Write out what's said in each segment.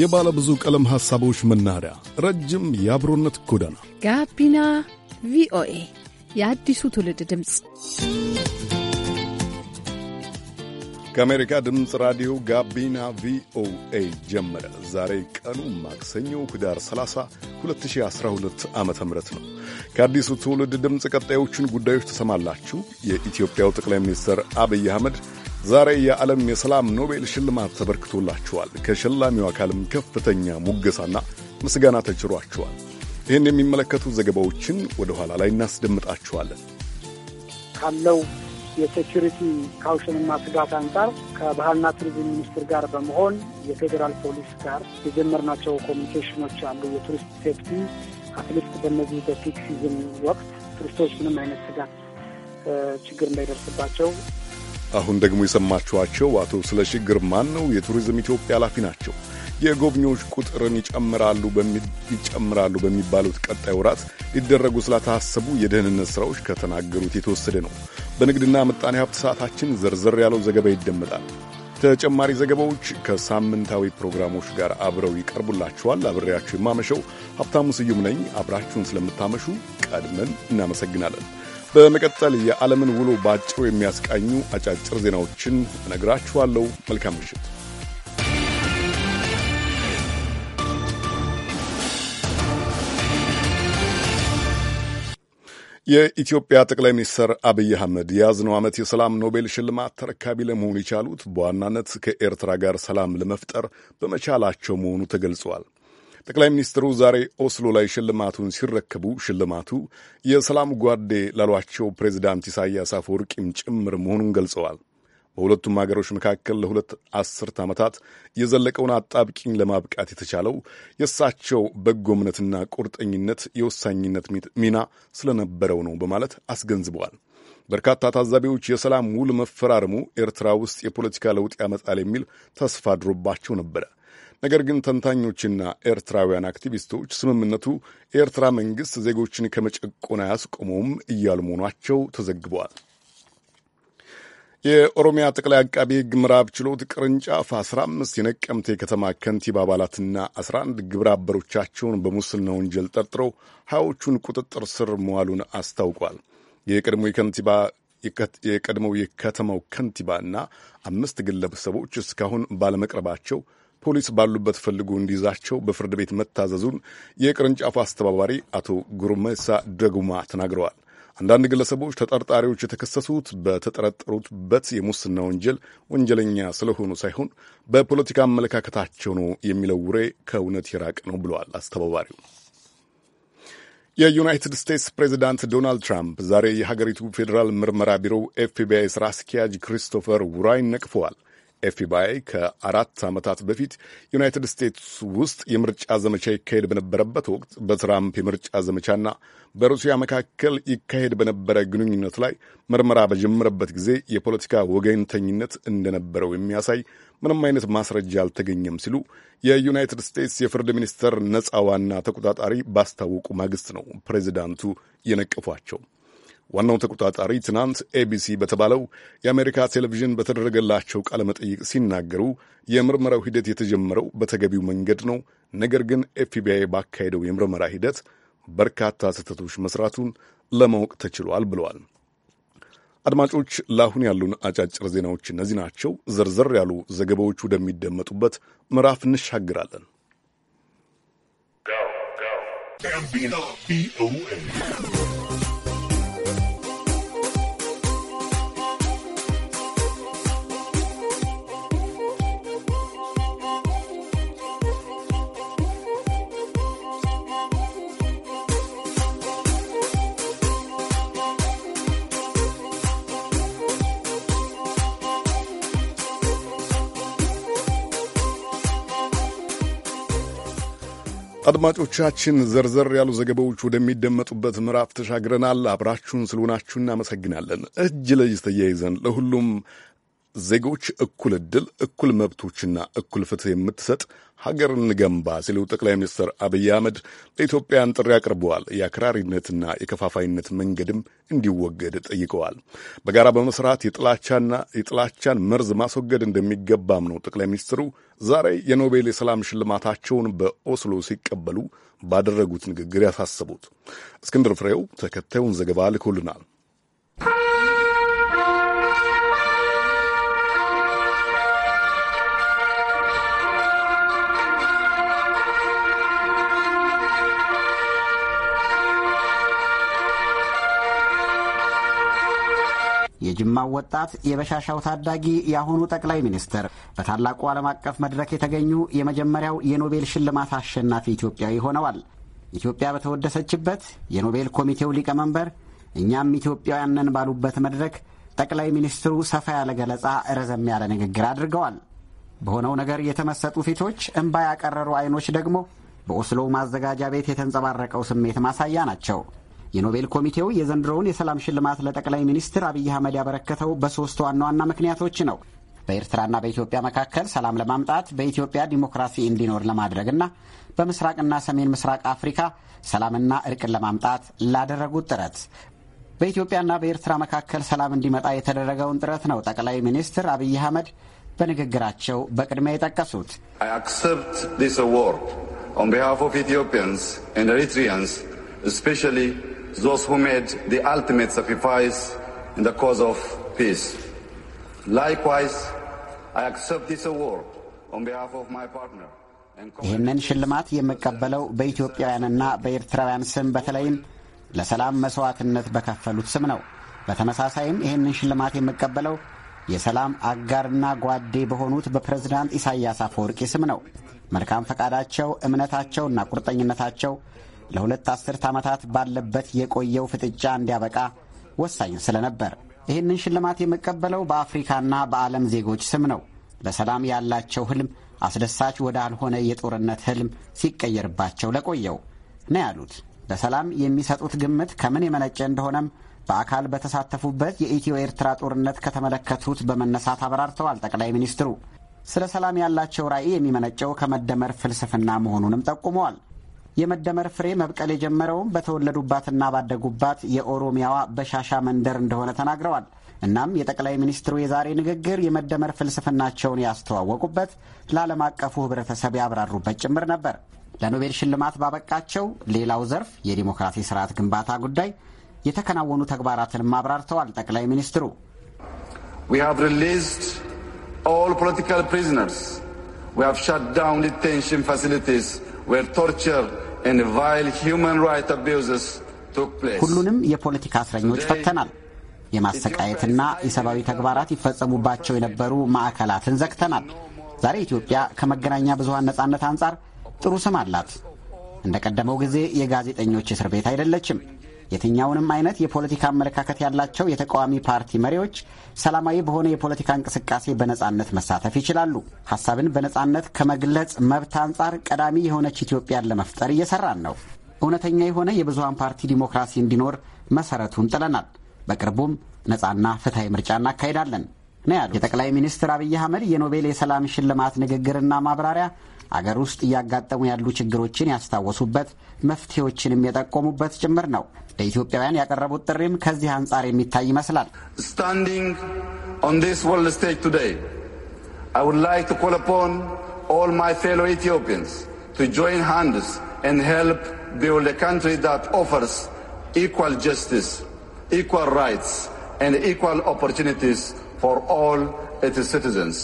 የባለ ብዙ ቀለም ሐሳቦች መናኸሪያ፣ ረጅም የአብሮነት ጎዳና ጋቢና ቪኦኤ የአዲሱ ትውልድ ድምፅ ከአሜሪካ ድምፅ ራዲዮ ጋቢና ቪኦኤ ጀመረ። ዛሬ ቀኑ ማክሰኞ ህዳር 30 2012 ዓ ም ነው። ከአዲሱ ትውልድ ድምፅ ቀጣዮቹን ጉዳዮች ትሰማላችሁ። የኢትዮጵያው ጠቅላይ ሚኒስትር አብይ አህመድ ዛሬ የዓለም የሰላም ኖቤል ሽልማት ተበርክቶላችኋል። ከሸላሚው አካልም ከፍተኛ ሙገሳና ምስጋና ተችሯችኋል። ይህን የሚመለከቱ ዘገባዎችን ወደ ኋላ ላይ እናስደምጣችኋለን። ካለው የሴኪሪቲ ካውሽንና ስጋት አንጻር ከባህልና ቱሪዝም ሚኒስትር ጋር በመሆን የፌዴራል ፖሊስ ጋር የጀመርናቸው ኮሚኒኬሽኖች አሉ። የቱሪስት ሴፍቲ አትሊስት በእነዚህ በፒክ ሲዝን ወቅት ቱሪስቶች ምንም አይነት ስጋት ችግር እንዳይደርስባቸው አሁን ደግሞ የሰማችኋቸው አቶ ስለሺ ግርማን ነው። የቱሪዝም ኢትዮጵያ ኃላፊ ናቸው። የጎብኚዎች ቁጥርን ይጨምራሉ በሚባሉት ቀጣይ ወራት ሊደረጉ ስላታሰቡ የደህንነት ሥራዎች ከተናገሩት የተወሰደ ነው። በንግድና ምጣኔ ሀብት ሰዓታችን ዘርዘር ያለው ዘገባ ይደመጣል። ተጨማሪ ዘገባዎች ከሳምንታዊ ፕሮግራሞች ጋር አብረው ይቀርቡላችኋል። አብሬያችሁ የማመሸው ሀብታሙ ስዩም ነኝ። አብራችሁን ስለምታመሹ ቀድመን እናመሰግናለን። በመቀጠል የዓለምን ውሎ ባጭሩ የሚያስቃኙ አጫጭር ዜናዎችን እነግራችኋለሁ። መልካም ምሽት። የኢትዮጵያ ጠቅላይ ሚኒስትር አብይ አህመድ የያዝነው ዓመት የሰላም ኖቤል ሽልማት ተረካቢ ለመሆን የቻሉት በዋናነት ከኤርትራ ጋር ሰላም ለመፍጠር በመቻላቸው መሆኑ ተገልጿል። ጠቅላይ ሚኒስትሩ ዛሬ ኦስሎ ላይ ሽልማቱን ሲረከቡ ሽልማቱ የሰላም ጓዴ ላሏቸው ፕሬዚዳንት ኢሳያስ አፈወርቂም ጭምር መሆኑን ገልጸዋል። በሁለቱም አገሮች መካከል ለሁለት አስርት ዓመታት የዘለቀውን አጣብቂኝ ለማብቃት የተቻለው የእሳቸው በጎ እምነትና ቁርጠኝነት የወሳኝነት ሚና ስለነበረው ነው በማለት አስገንዝበዋል። በርካታ ታዛቢዎች የሰላም ውል መፈራረሙ ኤርትራ ውስጥ የፖለቲካ ለውጥ ያመጣል የሚል ተስፋ አድሮባቸው ነበረ። ነገር ግን ተንታኞችና ኤርትራውያን አክቲቪስቶች ስምምነቱ የኤርትራ መንግሥት ዜጎችን ከመጨቆን አያስቆመውም እያሉ መሆናቸው ተዘግበዋል። የኦሮሚያ ጠቅላይ አቃቤ ሕግ ምዕራብ ችሎት ቅርንጫፍ 15 የነቀምቴ ከተማ ከንቲባ አባላትና 11 ግብረ አበሮቻቸውን በሙስና ወንጀል ጠርጥረው ሀያዎቹን ቁጥጥር ስር መዋሉን አስታውቋል። የቀድሞ የከንቲባ የቀድሞው የከተማው ከንቲባና አምስት ግለሰቦች እስካሁን ባለመቅረባቸው ፖሊስ ባሉበት ፈልጎ እንዲይዛቸው በፍርድ ቤት መታዘዙን የቅርንጫፉ አስተባባሪ አቶ ጉርመሳ ደጉማ ተናግረዋል። አንዳንድ ግለሰቦች ተጠርጣሪዎች የተከሰሱት በተጠረጠሩበት የሙስና ወንጀል ወንጀለኛ ስለሆኑ ሳይሆን በፖለቲካ አመለካከታቸው ነው የሚለው ውሬ ከእውነት የራቀ ነው ብለዋል አስተባባሪው። የዩናይትድ ስቴትስ ፕሬዚዳንት ዶናልድ ትራምፕ ዛሬ የሀገሪቱ ፌዴራል ምርመራ ቢሮው ኤፍቢአይ ስራ አስኪያጅ ክሪስቶፈር ውራይን ነቅፈዋል። ኤፍቢአይ ከአራት ዓመታት በፊት ዩናይትድ ስቴትስ ውስጥ የምርጫ ዘመቻ ይካሄድ በነበረበት ወቅት በትራምፕ የምርጫ ዘመቻና በሩሲያ መካከል ይካሄድ በነበረ ግንኙነት ላይ ምርመራ በጀመረበት ጊዜ የፖለቲካ ወገንተኝነት እንደነበረው የሚያሳይ ምንም አይነት ማስረጃ አልተገኘም ሲሉ የዩናይትድ ስቴትስ የፍርድ ሚኒስቴር ነጻ ዋና ተቆጣጣሪ ባስታወቁ ማግስት ነው ፕሬዚዳንቱ የነቀፏቸው። ዋናው ተቆጣጣሪ ትናንት ኤቢሲ በተባለው የአሜሪካ ቴሌቪዥን በተደረገላቸው ቃለመጠይቅ ሲናገሩ የምርመራው ሂደት የተጀመረው በተገቢው መንገድ ነው፣ ነገር ግን ኤፍቢአይ ባካሄደው የምርመራ ሂደት በርካታ ስህተቶች መስራቱን ለማወቅ ተችሏል ብለዋል። አድማጮች፣ ለአሁን ያሉን አጫጭር ዜናዎች እነዚህ ናቸው። ዘርዘር ያሉ ዘገባዎች ወደሚደመጡበት ምዕራፍ እንሻግራለን። ጋቢና ቪኦኤ አድማጮቻችን ዘርዘር ያሉ ዘገባዎች ወደሚደመጡበት ምዕራፍ ተሻግረናል። አብራችሁን ስለሆናችሁ እናመሰግናለን። እጅ ለእጅ ተያይዘን ለሁሉም ዜጎች እኩል ዕድል፣ እኩል መብቶችና እኩል ፍትህ የምትሰጥ ሀገር እንገንባ ሲሉ ጠቅላይ ሚኒስትር አብይ አህመድ ለኢትዮጵያን ጥሪ አቅርበዋል። የአክራሪነትና የከፋፋይነት መንገድም እንዲወገድ ጠይቀዋል። በጋራ በመስራት የጥላቻና የጥላቻን መርዝ ማስወገድ እንደሚገባም ነው ጠቅላይ ሚኒስትሩ ዛሬ የኖቤል የሰላም ሽልማታቸውን በኦስሎ ሲቀበሉ ባደረጉት ንግግር ያሳሰቡት። እስክንድር ፍሬው ተከታዩን ዘገባ ልኮልናል። የጅማው ወጣት፣ የበሻሻው ታዳጊ፣ የአሁኑ ጠቅላይ ሚኒስትር፣ በታላቁ ዓለም አቀፍ መድረክ የተገኙ የመጀመሪያው የኖቤል ሽልማት አሸናፊ ኢትዮጵያዊ ሆነዋል። ኢትዮጵያ በተወደሰችበት የኖቤል ኮሚቴው ሊቀመንበር እኛም ኢትዮጵያውያን ነን ባሉበት መድረክ ጠቅላይ ሚኒስትሩ ሰፋ ያለ ገለጻ፣ ረዘም ያለ ንግግር አድርገዋል። በሆነው ነገር የተመሰጡ ፊቶች፣ እንባ ያቀረሩ አይኖች ደግሞ በኦስሎ ማዘጋጃ ቤት የተንጸባረቀው ስሜት ማሳያ ናቸው። የኖቤል ኮሚቴው የዘንድሮውን የሰላም ሽልማት ለጠቅላይ ሚኒስትር አብይ አህመድ ያበረከተው በሶስት ዋና ዋና ምክንያቶች ነው። በኤርትራና በኢትዮጵያ መካከል ሰላም ለማምጣት በኢትዮጵያ ዲሞክራሲ እንዲኖር ለማድረግና በምስራቅና ሰሜን ምስራቅ አፍሪካ ሰላምና እርቅን ለማምጣት ላደረጉት ጥረት በኢትዮጵያና በኤርትራ መካከል ሰላም እንዲመጣ የተደረገውን ጥረት ነው ጠቅላይ ሚኒስትር አብይ አህመድ በንግግራቸው በቅድሚያ የጠቀሱት። አይ አክሰፕት ዲስ አዋርድ ኦን ቢሃፍ ኦፍ those who made the ultimate sacrifice in the cause of peace. Likewise, I accept this award on behalf of my partner. ይህንን ሽልማት የምቀበለው በኢትዮጵያውያንና በኤርትራውያን ስም በተለይም ለሰላም መስዋዕትነት በከፈሉት ስም ነው። በተመሳሳይም ይህንን ሽልማት የምቀበለው የሰላም አጋርና ጓዴ በሆኑት በፕሬዝዳንት ኢሳያስ አፈወርቂ ስም ነው። መልካም ፈቃዳቸው፣ እምነታቸውና ቁርጠኝነታቸው ለሁለት አስርት ዓመታት ባለበት የቆየው ፍጥጫ እንዲያበቃ ወሳኝ ስለነበር ይህንን ሽልማት የምቀበለው በአፍሪካና በዓለም ዜጎች ስም ነው። ለሰላም ያላቸው ህልም አስደሳች ወዳልሆነ የጦርነት ህልም ሲቀየርባቸው ለቆየው ነው ያሉት። ለሰላም የሚሰጡት ግምት ከምን የመነጨ እንደሆነም በአካል በተሳተፉበት የኢትዮ ኤርትራ ጦርነት ከተመለከቱት በመነሳት አብራርተዋል። ጠቅላይ ሚኒስትሩ ስለ ሰላም ያላቸው ራዕይ የሚመነጨው ከመደመር ፍልስፍና መሆኑንም ጠቁመዋል። የመደመር ፍሬ መብቀል የጀመረውም በተወለዱባትና ባደጉባት የኦሮሚያዋ በሻሻ መንደር እንደሆነ ተናግረዋል። እናም የጠቅላይ ሚኒስትሩ የዛሬ ንግግር የመደመር ፍልስፍናቸውን ያስተዋወቁበት፣ ለዓለም አቀፉ ህብረተሰብ ያብራሩበት ጭምር ነበር። ለኖቤል ሽልማት ባበቃቸው ሌላው ዘርፍ የዲሞክራሲ ስርዓት ግንባታ ጉዳይ የተከናወኑ ተግባራትንም አብራርተዋል። ጠቅላይ ሚኒስትሩ We have released all political prisoners. We have shut down detention facilities where torture ሁሉንም የፖለቲካ እስረኞች ፈተናል። የማሰቃየትና የሰብአዊ ተግባራት ይፈጸሙባቸው የነበሩ ማዕከላትን ዘግተናል። ዛሬ ኢትዮጵያ ከመገናኛ ብዙሃን ነጻነት አንጻር ጥሩ ስም አላት። እንደ ቀደመው ጊዜ የጋዜጠኞች እስር ቤት አይደለችም። የትኛውንም አይነት የፖለቲካ አመለካከት ያላቸው የተቃዋሚ ፓርቲ መሪዎች ሰላማዊ በሆነ የፖለቲካ እንቅስቃሴ በነጻነት መሳተፍ ይችላሉ። ሀሳብን በነጻነት ከመግለጽ መብት አንጻር ቀዳሚ የሆነች ኢትዮጵያን ለመፍጠር እየሰራን ነው። እውነተኛ የሆነ የብዙሀን ፓርቲ ዲሞክራሲ እንዲኖር መሰረቱን ጥለናል። በቅርቡም ነጻና ፍትሐዊ ምርጫ እናካሄዳለን ነው ያሉት። የጠቅላይ ሚኒስትር አብይ አህመድ የኖቤል የሰላም ሽልማት ንግግርና ማብራሪያ አገር ውስጥ እያጋጠሙ ያሉ ችግሮችን ያስታወሱበት፣ መፍትሄዎችንም የጠቆሙበት ጭምር ነው። ለኢትዮጵያውያን ያቀረቡት ጥሪም ከዚህ አንጻር የሚታይ ይመስላል። ስታንዲንግ ኦን ዲስ ወርልድ ስቴጅ ቱዴይ አይ ውድ ላይክ ቱ ኮል አፖን ኦል ማይ ፌሎ ኢትዮጵያንስ ቱ ጆይን ሃንድስ ኤንድ ሄልፕ ቢልድ ኤ ካንትሪ ዛት ኦፈርስ ኢኳል ጀስቲስ ኢኳል ራይትስ ኤንድ ኢኳል ኦፖርቹኒቲስ ፎር ኦል ኢትስ ሲቲዘንስ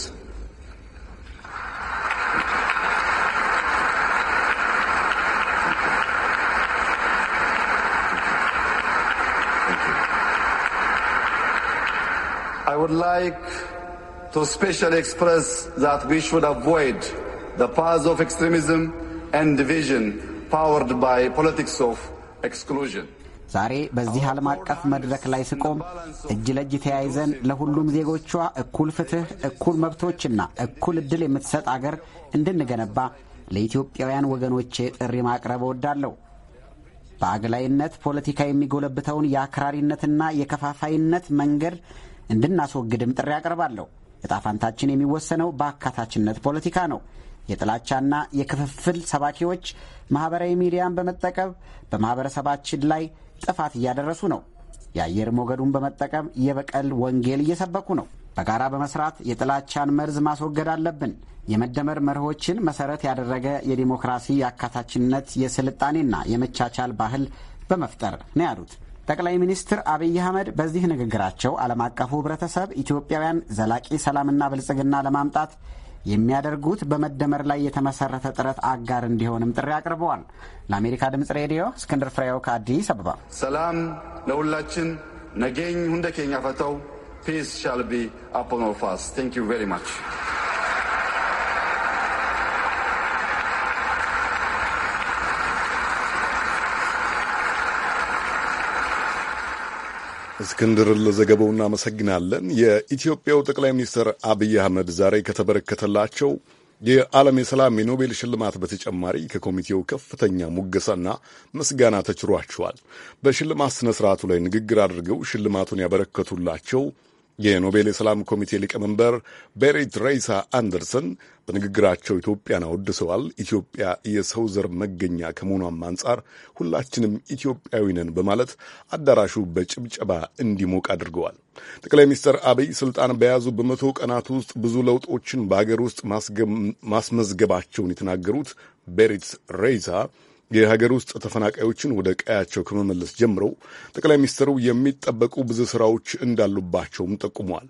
I would like to specially express that we should avoid the paths of extremism and division powered by politics of exclusion. ዛሬ በዚህ ዓለም አቀፍ መድረክ ላይ ስቆም እጅ ለእጅ ተያይዘን ለሁሉም ዜጎቿ እኩል ፍትህ፣ እኩል መብቶችና እኩል ዕድል የምትሰጥ አገር እንድንገነባ ለኢትዮጵያውያን ወገኖቼ ጥሪ ማቅረብ እወዳለሁ። በአግላይነት ፖለቲካ የሚጎለብተውን የአክራሪነትና የከፋፋይነት መንገድ እንድናስወግድም ጥሪ አቀርባለሁ። እጣፋንታችን የሚወሰነው በአካታችነት ፖለቲካ ነው። የጥላቻና የክፍፍል ሰባኪዎች ማኅበራዊ ሚዲያን በመጠቀም በማኅበረሰባችን ላይ ጥፋት እያደረሱ ነው። የአየር ሞገዱን በመጠቀም የበቀል ወንጌል እየሰበኩ ነው። በጋራ በመስራት የጥላቻን መርዝ ማስወገድ አለብን። የመደመር መርሆችን መሰረት ያደረገ የዲሞክራሲ የአካታችነት፣ የስልጣኔና የመቻቻል ባህል በመፍጠር ነው ያሉት ጠቅላይ ሚኒስትር አብይ አህመድ በዚህ ንግግራቸው ዓለም አቀፉ ህብረተሰብ ኢትዮጵያውያን ዘላቂ ሰላምና ብልጽግና ለማምጣት የሚያደርጉት በመደመር ላይ የተመሰረተ ጥረት አጋር እንዲሆንም ጥሪ አቅርበዋል። ለአሜሪካ ድምጽ ሬዲዮ እስክንድር ፍሬው ከአዲስ አበባ። ሰላም ለሁላችን ነገኝ ሁንደ ኬኛ ፈተው ፒስ ሻልቢ አፖኖፋስ ቴንክ ዩ ማች እስክንድርን ለዘገባው እናመሰግናለን። የኢትዮጵያው ጠቅላይ ሚኒስትር አብይ አህመድ ዛሬ ከተበረከተላቸው የዓለም የሰላም የኖቤል ሽልማት በተጨማሪ ከኮሚቴው ከፍተኛ ሙገሳና ምስጋና ተችሯቸዋል። በሽልማት ሥነ ሥርዓቱ ላይ ንግግር አድርገው ሽልማቱን ያበረከቱላቸው የኖቤል የሰላም ኮሚቴ ሊቀመንበር ቤሪት ሬይሳ አንደርሰን በንግግራቸው ኢትዮጵያን አወድሰዋል። ኢትዮጵያ የሰው ዘር መገኛ ከመሆኗም አንጻር ሁላችንም ኢትዮጵያዊ ነን በማለት አዳራሹ በጭብጨባ እንዲሞቅ አድርገዋል። ጠቅላይ ሚኒስትር አብይ ስልጣን በያዙ በመቶ ቀናት ውስጥ ብዙ ለውጦችን በአገር ውስጥ ማስመዝገባቸውን የተናገሩት ቤሪት ሬይሳ የሀገር ውስጥ ተፈናቃዮችን ወደ ቀያቸው ከመመለስ ጀምሮ ጠቅላይ ሚኒስትሩ የሚጠበቁ ብዙ ስራዎች እንዳሉባቸውም ጠቁመዋል።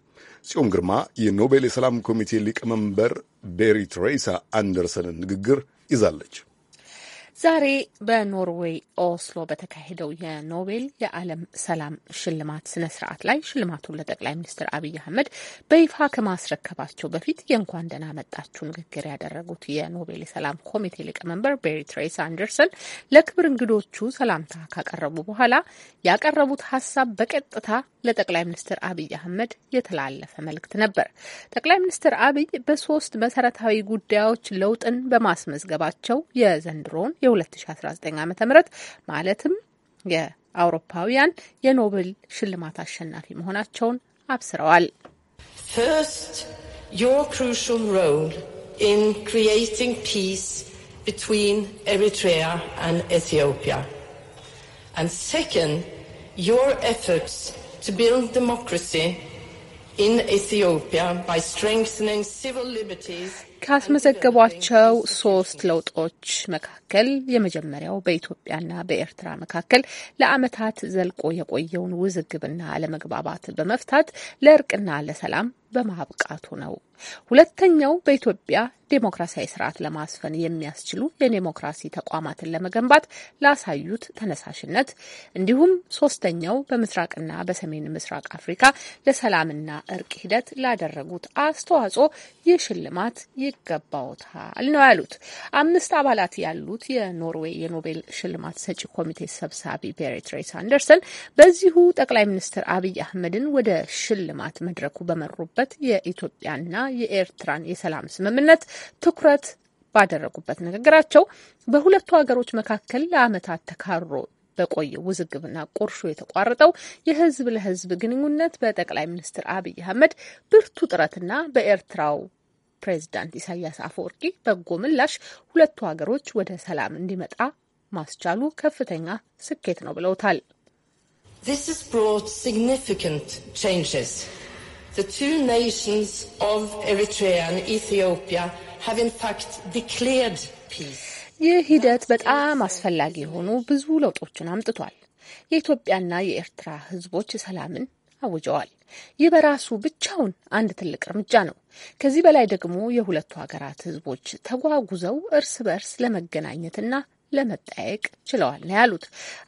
ጽዮን ግርማ የኖቤል የሰላም ኮሚቴ ሊቀመንበር ቤሪ ትሬሳ አንደርሰንን ንግግር ይዛለች። ዛሬ በኖርዌይ ኦስሎ በተካሄደው የኖቤል የዓለም ሰላም ሽልማት ስነ ስርዓት ላይ ሽልማቱን ለጠቅላይ ሚኒስትር አብይ አህመድ በይፋ ከማስረከባቸው በፊት የእንኳን ደህና መጣችሁ ንግግር ያደረጉት የኖቤል የሰላም ኮሚቴ ሊቀመንበር ቤሪ ትሬስ አንደርሰን ለክብር እንግዶቹ ሰላምታ ካቀረቡ በኋላ ያቀረቡት ሀሳብ በቀጥታ ለጠቅላይ ሚኒስትር አብይ አህመድ የተላለፈ መልእክት ነበር። ጠቅላይ ሚኒስትር አብይ በሶስት መሰረታዊ ጉዳዮች ለውጥን በማስመዝገባቸው የዘንድሮውን የ2019 ዓ ም ማለትም የአውሮፓውያን የኖብል ሽልማት አሸናፊ መሆናቸውን አብስረዋል። First, your crucial role in creating peace between Eritrea and Ethiopia. And second, your efforts to build democracy in Ethiopia by strengthening civil liberties. ካስመዘገቧቸው ሶስት ለውጦች መካከል የመጀመሪያው በኢትዮጵያና በኤርትራ መካከል ለዓመታት ዘልቆ የቆየውን ውዝግብና አለመግባባት በመፍታት ለእርቅና ለሰላም በማብቃቱ ነው። ሁለተኛው በኢትዮጵያ ዴሞክራሲያዊ ስርዓት ለማስፈን የሚያስችሉ የዴሞክራሲ ተቋማትን ለመገንባት ላሳዩት ተነሳሽነት፣ እንዲሁም ሶስተኛው በምስራቅና በሰሜን ምስራቅ አፍሪካ ለሰላምና እርቅ ሂደት ላደረጉት አስተዋጽኦ ይህ ሽልማት ይገባውታል ነው ያሉት። አምስት አባላት ያሉት የኖርዌይ የኖቤል ሽልማት ሰጪ ኮሚቴ ሰብሳቢ ቤሬት ሬስ አንደርሰን በዚሁ ጠቅላይ ሚኒስትር አብይ አህመድን ወደ ሽልማት መድረኩ በመሩበት የኢትዮጵያና የኤርትራን የሰላም ስምምነት ትኩረት ባደረጉበት ንግግራቸው በሁለቱ ሀገሮች መካከል ለአመታት ተካሮ በቆየ ውዝግብና ቁርሾ የተቋረጠው የህዝብ ለህዝብ ግንኙነት በጠቅላይ ሚኒስትር አብይ አህመድ ብርቱ ጥረትና በኤርትራው ፕሬዚዳንት ኢሳያስ አፈወርቂ በጎ ምላሽ ሁለቱ ሀገሮች ወደ ሰላም እንዲመጣ ማስቻሉ ከፍተኛ ስኬት ነው ብለውታል። ይህ ሂደት በጣም አስፈላጊ የሆኑ ብዙ ለውጦችን አምጥቷል። የኢትዮጵያና የኤርትራ ሕዝቦች ሰላምን አውጀዋል። ይህ በራሱ ብቻውን አንድ ትልቅ እርምጃ ነው። ከዚህ በላይ ደግሞ የሁለቱ ሀገራት ህዝቦች ተጓጉዘው እርስ በርስ ለመገናኘትና ለመጠየቅ ችለዋል ነው ያሉት።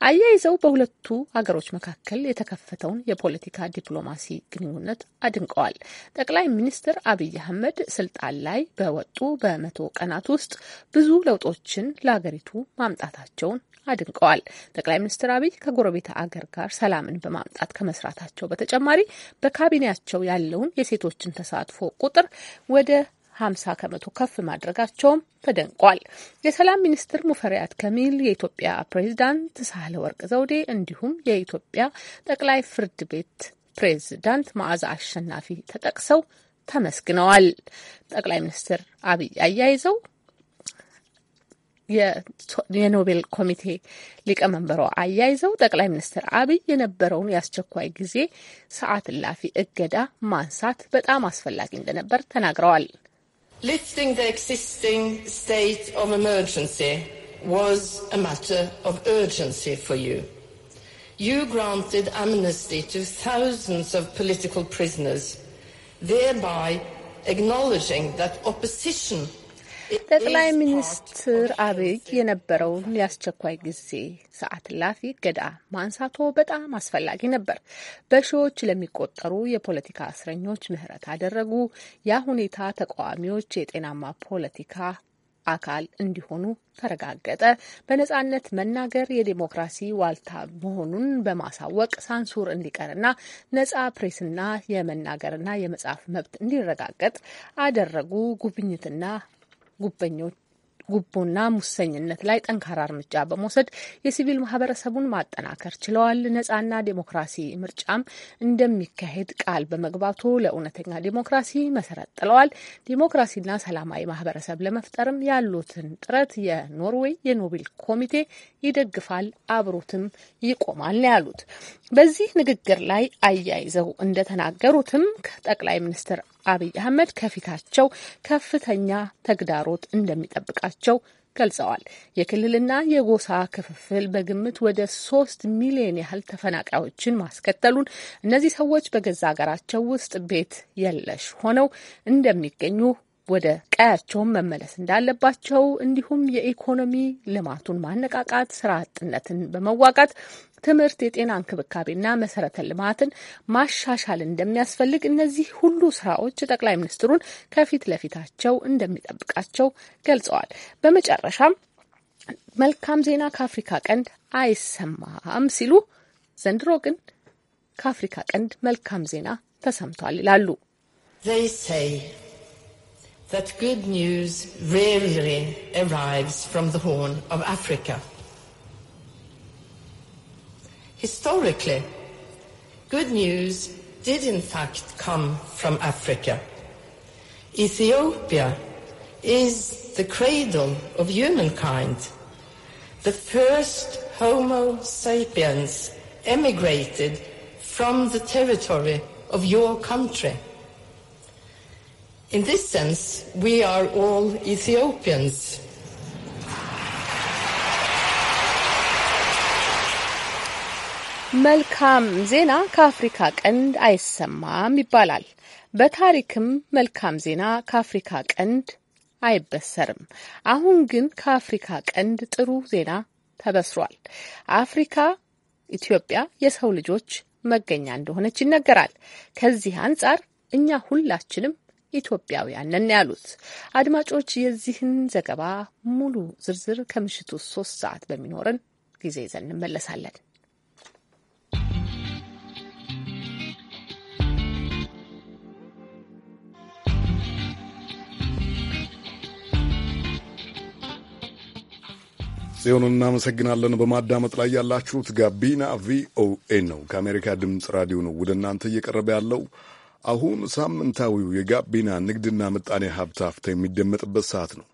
አያይዘው በሁለቱ አገሮች መካከል የተከፈተውን የፖለቲካ ዲፕሎማሲ ግንኙነት አድንቀዋል። ጠቅላይ ሚኒስትር አብይ አህመድ ስልጣን ላይ በወጡ በመቶ ቀናት ውስጥ ብዙ ለውጦችን ለአገሪቱ ማምጣታቸውን አድንቀዋል። ጠቅላይ ሚኒስትር አብይ ከጎረቤት አገር ጋር ሰላምን በማምጣት ከመስራታቸው በተጨማሪ በካቢኔያቸው ያለውን የሴቶችን ተሳትፎ ቁጥር ወደ 50 ከመቶ ከፍ ማድረጋቸውም ተደንቋል። የሰላም ሚኒስትር ሙፈሪያት ከሚል፣ የኢትዮጵያ ፕሬዚዳንት ሳህለ ወርቅ ዘውዴ እንዲሁም የኢትዮጵያ ጠቅላይ ፍርድ ቤት ፕሬዚዳንት መዓዛ አሸናፊ ተጠቅሰው ተመስግነዋል። ጠቅላይ ሚኒስትር አብይ አያይዘው የኖቤል ኮሚቴ ሊቀመንበሯ አያይዘው ጠቅላይ ሚኒስትር አብይ የነበረውን የአስቸኳይ ጊዜ ሰዓት እላፊ እገዳ ማንሳት በጣም አስፈላጊ እንደነበር ተናግረዋል። Lifting the existing state of emergency was a matter of urgency for you. You granted amnesty to thousands of political prisoners, thereby acknowledging that opposition ጠቅላይ ሚኒስትር አብይ የነበረውን የአስቸኳይ ጊዜ ሰዓት ላፊ ገዳ ማንሳቶ በጣም አስፈላጊ ነበር። በሺዎች ለሚቆጠሩ የፖለቲካ እስረኞች ምህረት አደረጉ። ያ ሁኔታ ተቃዋሚዎች የጤናማ ፖለቲካ አካል እንዲሆኑ ተረጋገጠ። በነጻነት መናገር የዴሞክራሲ ዋልታ መሆኑን በማሳወቅ ሳንሱር እንዲቀርና ነጻ ፕሬስና የመናገርና የመጻፍ መብት እንዲረጋገጥ አደረጉ። ጉብኝትና ጉበኞች ጉቦና ሙሰኝነት ላይ ጠንካራ እርምጃ በመውሰድ የሲቪል ማህበረሰቡን ማጠናከር ችለዋል። ነጻና ዴሞክራሲ ምርጫም እንደሚካሄድ ቃል በመግባቱ ለእውነተኛ ዴሞክራሲ መሰረት ጥለዋል። ዴሞክራሲና ሰላማዊ ማህበረሰብ ለመፍጠርም ያሉትን ጥረት የኖርዌይ የኖቤል ኮሚቴ ይደግፋል፣ አብሮትም ይቆማል ነው ያሉት። በዚህ ንግግር ላይ አያይዘው እንደተናገሩትም ጠቅላይ ሚኒስትር አብይ አህመድ ከፊታቸው ከፍተኛ ተግዳሮት እንደሚጠብቃቸው ገልጸዋል። የክልልና የጎሳ ክፍፍል በግምት ወደ ሶስት ሚሊዮን ያህል ተፈናቃዮችን ማስከተሉን፣ እነዚህ ሰዎች በገዛ ሀገራቸው ውስጥ ቤት የለሽ ሆነው እንደሚገኙ ወደ ቀያቸውን መመለስ እንዳለባቸው እንዲሁም የኢኮኖሚ ልማቱን ማነቃቃት፣ ስራ አጥነትን በመዋጋት ትምህርት፣ የጤና እንክብካቤና መሰረተ ልማትን ማሻሻል እንደሚያስፈልግ እነዚህ ሁሉ ስራዎች ጠቅላይ ሚኒስትሩን ከፊት ለፊታቸው እንደሚጠብቃቸው ገልጸዋል። በመጨረሻም መልካም ዜና ከአፍሪካ ቀንድ አይሰማም ሲሉ ዘንድሮ ግን ከአፍሪካ ቀንድ መልካም ዜና ተሰምቷል ይላሉ። that good news rarely arrives from the Horn of Africa. Historically, good news did in fact come from Africa. Ethiopia is the cradle of humankind. The first Homo sapiens emigrated from the territory of your country. In this sense, we are all Ethiopians. መልካም ዜና ከአፍሪካ ቀንድ አይሰማም ይባላል። በታሪክም መልካም ዜና ከአፍሪካ ቀንድ አይበሰርም። አሁን ግን ከአፍሪካ ቀንድ ጥሩ ዜና ተበስሯል። አፍሪካ ኢትዮጵያ የሰው ልጆች መገኛ እንደሆነች ይነገራል። ከዚህ አንጻር እኛ ሁላችንም ኢትዮጵያውያን ነን ያሉት። አድማጮች የዚህን ዘገባ ሙሉ ዝርዝር ከምሽቱ ሶስት ሰዓት በሚኖረን ጊዜ ይዘን እንመለሳለን። ጽዮን እናመሰግናለን። በማዳመጥ ላይ ያላችሁት ጋቢና ቪኦኤ ነው። ከአሜሪካ ድምፅ ራዲዮ ነው ወደ እናንተ እየቀረበ ያለው። አሁን ሳምንታዊው የጋቢና ንግድና ምጣኔ ሀብት አፍታ የሚደመጥበት ሰዓት ነው።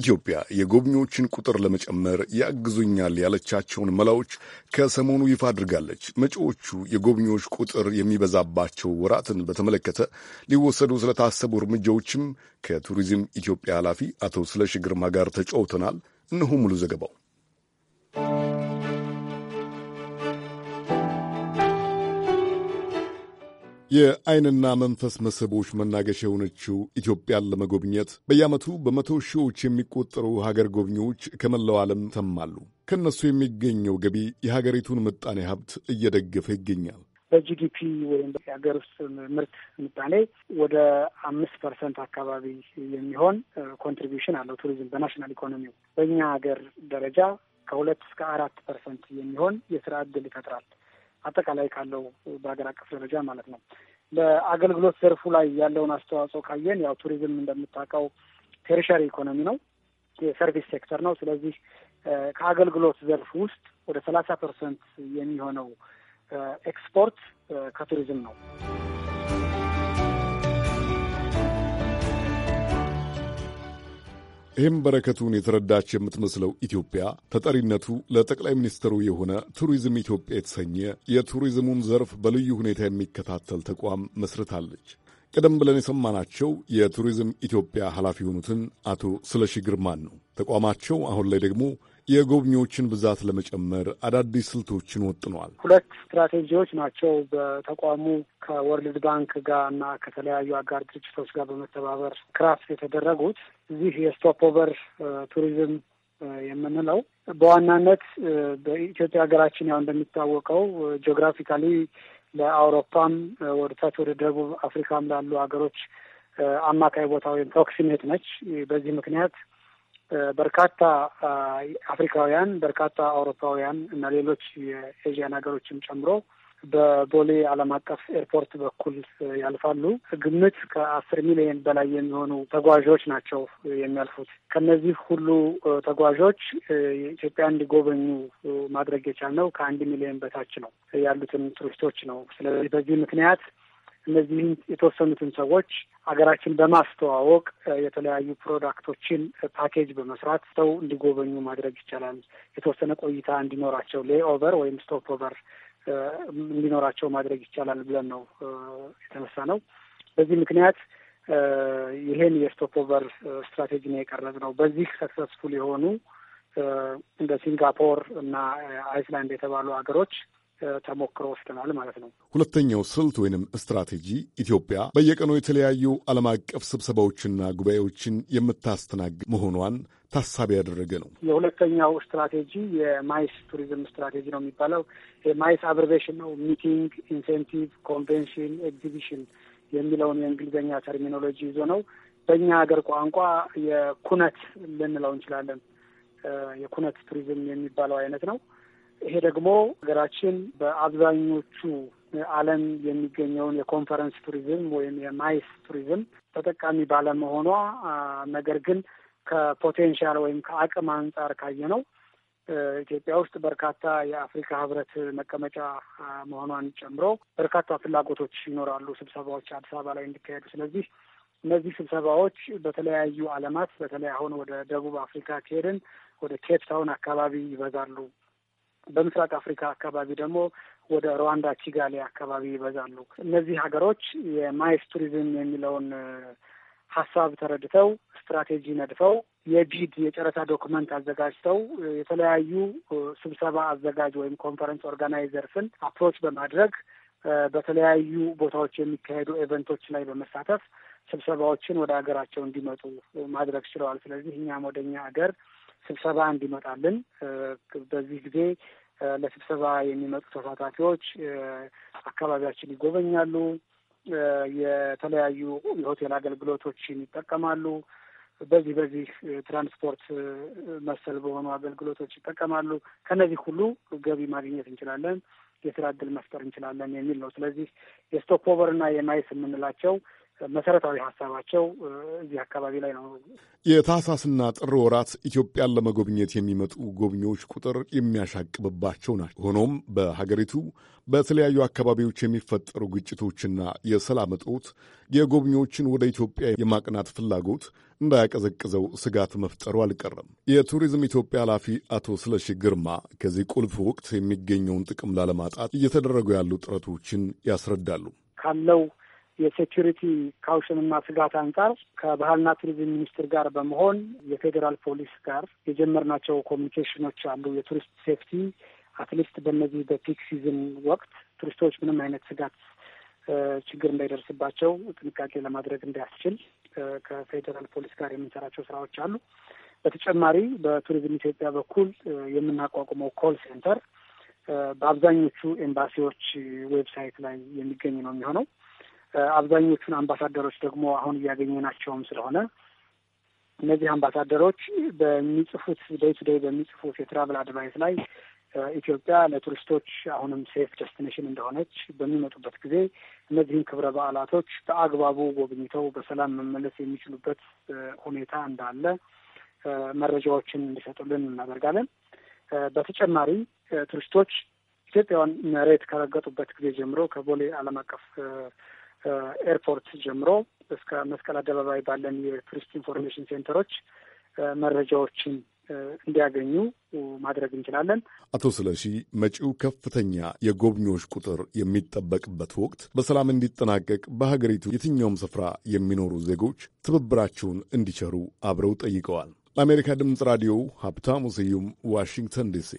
ኢትዮጵያ የጎብኚዎችን ቁጥር ለመጨመር ያግዙኛል ያለቻቸውን መላዎች ከሰሞኑ ይፋ አድርጋለች። መጪዎቹ የጎብኚዎች ቁጥር የሚበዛባቸው ወራትን በተመለከተ ሊወሰዱ ስለታሰቡ እርምጃዎችም ከቱሪዝም ኢትዮጵያ ኃላፊ አቶ ስለሺ ግርማ ጋር ተጫውተናል። እነሆ ሙሉ ዘገባው የአይንና መንፈስ መስህቦች መናገሻ የሆነችው ኢትዮጵያን ለመጎብኘት በየዓመቱ በመቶ ሺዎች የሚቆጠሩ ሀገር ጎብኚዎች ከመላው ዓለም ተማሉ። ከእነሱ የሚገኘው ገቢ የሀገሪቱን ምጣኔ ሀብት እየደገፈ ይገኛል። በጂዲፒ ወይም የሀገር ውስጥ ምርት ምጣኔ ወደ አምስት ፐርሰንት አካባቢ የሚሆን ኮንትሪቢሽን አለው ቱሪዝም በናሽናል ኢኮኖሚው። በእኛ ሀገር ደረጃ ከሁለት እስከ አራት ፐርሰንት የሚሆን የስራ እድል ይፈጥራል። አጠቃላይ ካለው በሀገር አቀፍ ደረጃ ማለት ነው። በአገልግሎት ዘርፉ ላይ ያለውን አስተዋጽኦ ካየን ያው ቱሪዝም እንደምታውቀው ቴሪሸሪ ኢኮኖሚ ነው፣ የሰርቪስ ሴክተር ነው። ስለዚህ ከአገልግሎት ዘርፍ ውስጥ ወደ ሰላሳ ፐርሰንት የሚሆነው ኤክስፖርት ከቱሪዝም ነው። ይህም በረከቱን የተረዳች የምትመስለው ኢትዮጵያ ተጠሪነቱ ለጠቅላይ ሚኒስትሩ የሆነ ቱሪዝም ኢትዮጵያ የተሰኘ የቱሪዝሙን ዘርፍ በልዩ ሁኔታ የሚከታተል ተቋም መስርታለች። ቀደም ብለን የሰማናቸው የቱሪዝም ኢትዮጵያ ኃላፊ የሆኑትን አቶ ስለሺ ግርማን ነው። ተቋማቸው አሁን ላይ ደግሞ የጎብኚዎችን ብዛት ለመጨመር አዳዲስ ስልቶችን ወጥነዋል። ሁለት ስትራቴጂዎች ናቸው በተቋሙ ከወርልድ ባንክ ጋር እና ከተለያዩ አጋር ድርጅቶች ጋር በመተባበር ክራፍት የተደረጉት። እዚህ የስቶፕ ኦቨር ቱሪዝም የምንለው በዋናነት በኢትዮጵያ ሀገራችን ያው እንደሚታወቀው ጂኦግራፊካሊ ለአውሮፓም ወደታች ወደ ደቡብ አፍሪካም ላሉ ሀገሮች አማካይ ቦታ ወይም ፕሮክሲሜት ነች። በዚህ ምክንያት በርካታ አፍሪካውያን፣ በርካታ አውሮፓውያን እና ሌሎች የኤዥያን ሀገሮችም ጨምሮ በቦሌ ዓለም አቀፍ ኤርፖርት በኩል ያልፋሉ። ግምት ከአስር ሚሊዮን በላይ የሚሆኑ ተጓዦች ናቸው የሚያልፉት። ከነዚህ ሁሉ ተጓዦች ኢትዮጵያ እንዲጎበኙ ማድረግ የቻልነው ከአንድ ሚሊዮን በታች ነው ያሉትን ቱሪስቶች ነው። ስለዚህ በዚህ ምክንያት እነዚህም የተወሰኑትን ሰዎች ሀገራችን በማስተዋወቅ የተለያዩ ፕሮዳክቶችን ፓኬጅ በመስራት ሰው እንዲጎበኙ ማድረግ ይቻላል። የተወሰነ ቆይታ እንዲኖራቸው ኦቨር ወይም ስቶፕ ኦቨር እንዲኖራቸው ማድረግ ይቻላል ብለን ነው የተነሳ ነው። በዚህ ምክንያት ይሄን የስቶፕ ኦቨር ስትራቴጂ ነው የቀረጽ ነው። በዚህ ሰክሰስፉል የሆኑ እንደ ሲንጋፖር እና አይስላንድ የተባሉ ሀገሮች ተሞክሮ ወስደናል ማለት ነው። ሁለተኛው ስልት ወይንም ስትራቴጂ ኢትዮጵያ በየቀኑ የተለያዩ ዓለም አቀፍ ስብሰባዎችና ጉባኤዎችን የምታስተናግድ መሆኗን ታሳቢ ያደረገ ነው። የሁለተኛው ስትራቴጂ የማይስ ቱሪዝም ስትራቴጂ ነው የሚባለው። የማይስ አብርቬሽን ነው። ሚቲንግ፣ ኢንሴንቲቭ፣ ኮንቬንሽን፣ ኤግዚቢሽን የሚለውን የእንግሊዝኛ ተርሚኖሎጂ ይዞ ነው። በእኛ ሀገር ቋንቋ የኩነት ልንለው እንችላለን። የኩነት ቱሪዝም የሚባለው አይነት ነው። ይሄ ደግሞ ሀገራችን በአብዛኞቹ ዓለም የሚገኘውን የኮንፈረንስ ቱሪዝም ወይም የማይስ ቱሪዝም ተጠቃሚ ባለመሆኗ ነገር ግን ከፖቴንሻል ወይም ከአቅም አንጻር ካየ ነው ኢትዮጵያ ውስጥ በርካታ የአፍሪካ ህብረት መቀመጫ መሆኗን ጨምሮ በርካታ ፍላጎቶች ይኖራሉ፣ ስብሰባዎች አዲስ አበባ ላይ እንዲካሄዱ። ስለዚህ እነዚህ ስብሰባዎች በተለያዩ ዓለማት በተለይ አሁን ወደ ደቡብ አፍሪካ ከሄድን ወደ ኬፕ ታውን አካባቢ ይበዛሉ። በምስራቅ አፍሪካ አካባቢ ደግሞ ወደ ሩዋንዳ ኪጋሊ አካባቢ ይበዛሉ። እነዚህ ሀገሮች የማይስ ቱሪዝም የሚለውን ሀሳብ ተረድተው ስትራቴጂ ነድፈው የቢድ የጨረታ ዶክመንት አዘጋጅተው የተለያዩ ስብሰባ አዘጋጅ ወይም ኮንፈረንስ ኦርጋናይዘርስን አፕሮች በማድረግ በተለያዩ ቦታዎች የሚካሄዱ ኤቨንቶች ላይ በመሳተፍ ስብሰባዎችን ወደ ሀገራቸው እንዲመጡ ማድረግ ችለዋል። ስለዚህ እኛም ወደኛ ሀገር ስብሰባ እንዲመጣልን በዚህ ጊዜ ለስብሰባ የሚመጡ ተሳታፊዎች አካባቢያችን ይጎበኛሉ፣ የተለያዩ የሆቴል አገልግሎቶችን ይጠቀማሉ። በዚህ በዚህ ትራንስፖርት መሰል በሆኑ አገልግሎቶች ይጠቀማሉ። ከነዚህ ሁሉ ገቢ ማግኘት እንችላለን፣ የስራ እድል መፍጠር እንችላለን የሚል ነው። ስለዚህ የስቶፕ ኦቨር እና የማይስ የምንላቸው መሰረታዊ ሀሳባቸው እዚህ አካባቢ ላይ ነው። የታህሳስና ጥር ወራት ኢትዮጵያን ለመጎብኘት የሚመጡ ጎብኚዎች ቁጥር የሚያሻቅብባቸው ናቸው። ሆኖም በሀገሪቱ በተለያዩ አካባቢዎች የሚፈጠሩ ግጭቶችና የሰላም እጦት የጎብኚዎችን ወደ ኢትዮጵያ የማቅናት ፍላጎት እንዳያቀዘቅዘው ስጋት መፍጠሩ አልቀረም። የቱሪዝም ኢትዮጵያ ኃላፊ አቶ ስለሺ ግርማ ከዚህ ቁልፍ ወቅት የሚገኘውን ጥቅም ላለማጣት እየተደረጉ ያሉ ጥረቶችን ያስረዳሉ። ካለው የሴኪሪቲ ካውሽንና ስጋት አንጻር ከባህልና ቱሪዝም ሚኒስቴር ጋር በመሆን የፌዴራል ፖሊስ ጋር የጀመርናቸው ኮሚኒኬሽኖች አሉ። የቱሪስት ሴፍቲ አትሊስት በእነዚህ በፒክ ሲዝን ወቅት ቱሪስቶች ምንም አይነት ስጋት ችግር እንዳይደርስባቸው ጥንቃቄ ለማድረግ እንዳያስችል ከፌዴራል ፖሊስ ጋር የምንሰራቸው ስራዎች አሉ። በተጨማሪ በቱሪዝም ኢትዮጵያ በኩል የምናቋቁመው ኮል ሴንተር በአብዛኞቹ ኤምባሲዎች ዌብሳይት ላይ የሚገኝ ነው የሚሆነው አብዛኞቹን አምባሳደሮች ደግሞ አሁን እያገኘናቸውም ስለሆነ እነዚህ አምባሳደሮች በሚጽፉት ደይ ቱ በሚጽፉት የትራቭል አድቫይስ ላይ ኢትዮጵያ ለቱሪስቶች አሁንም ሴፍ ደስቲኔሽን እንደሆነች በሚመጡበት ጊዜ እነዚህን ክብረ በዓላቶች በአግባቡ ጎብኝተው በሰላም መመለስ የሚችሉበት ሁኔታ እንዳለ መረጃዎችን እንዲሰጡልን እናደርጋለን። በተጨማሪ ቱሪስቶች ኢትዮጵያውያን መሬት ከረገጡበት ጊዜ ጀምሮ ከቦሌ ዓለም አቀፍ ከኤርፖርት ጀምሮ እስከ መስቀል አደባባይ ባለን የቱሪስት ኢንፎርሜሽን ሴንተሮች መረጃዎችን እንዲያገኙ ማድረግ እንችላለን። አቶ ስለሺ መጪው ከፍተኛ የጎብኚዎች ቁጥር የሚጠበቅበት ወቅት በሰላም እንዲጠናቀቅ በሀገሪቱ የትኛውም ስፍራ የሚኖሩ ዜጎች ትብብራቸውን እንዲቸሩ አብረው ጠይቀዋል። ለአሜሪካ ድምፅ ራዲዮ ሀብታሙ ስዩም ዋሽንግተን ዲሲ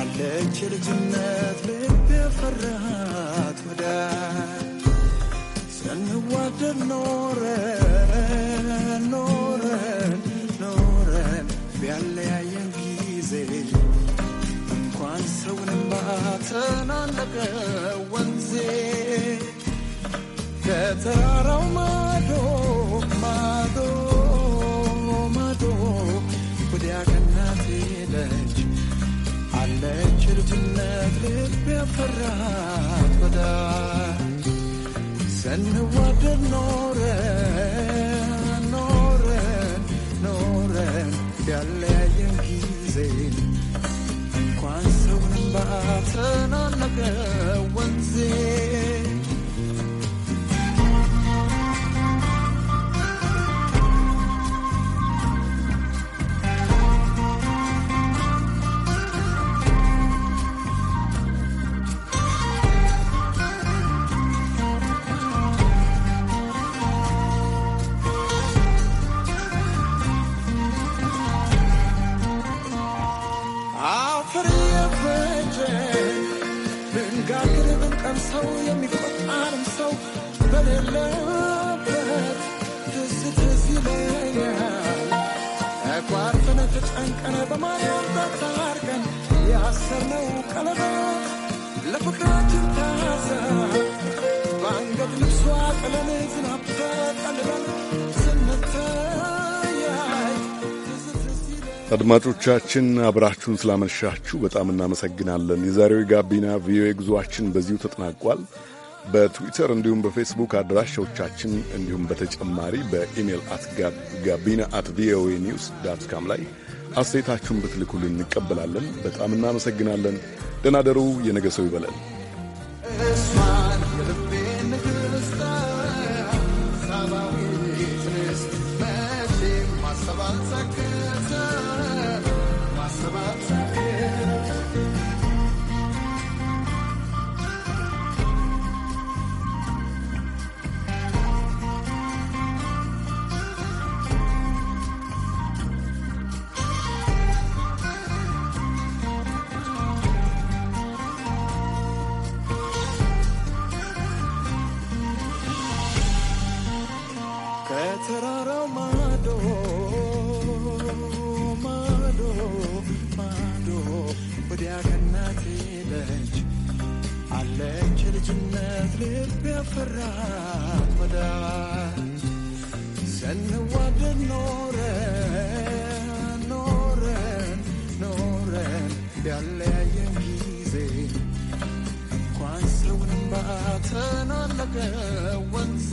አለች የልጅነት ልብ የፈረሃት ወዳጅ ስንዋደድ ኖረን ኖረን ኖረን ቢያለያየን ጊዜ እንኳን ሰውንም ባተናነቀው ወንዜ ከተራራው ማዶ ማዶ በልጅነት ልብ ያፈራት ወዳጅ ስንዋደድ ኖረን ኖረን ኖረን ያለያየን ጊዜ እንኳን ሰውን ባተናነቀ ወንዜ አድማጮቻችን አብራችሁን ስላመሻችሁ በጣም እናመሰግናለን። የዛሬው የጋቢና ቪኦኤ ጉዞአችን በዚሁ ተጠናቋል። በትዊተር እንዲሁም በፌስቡክ አድራሻዎቻችን እንዲሁም በተጨማሪ በኢሜይል አት ጋቢና አት ቪኦኤ ኒውስ ዳት ካም ላይ አስተያየታችሁን ብትልኩልን እንቀበላለን። በጣም እናመሰግናለን። ደናደሩ የነገ ሰው ይበለን። ልጅነት ልብ ያፈራ ወዳጅ ስንዋደድ ኖረን ኖረን ኖረን ያለያየን ጊዜ እንኳን ሰውንም ባተናነቀ ወንዜ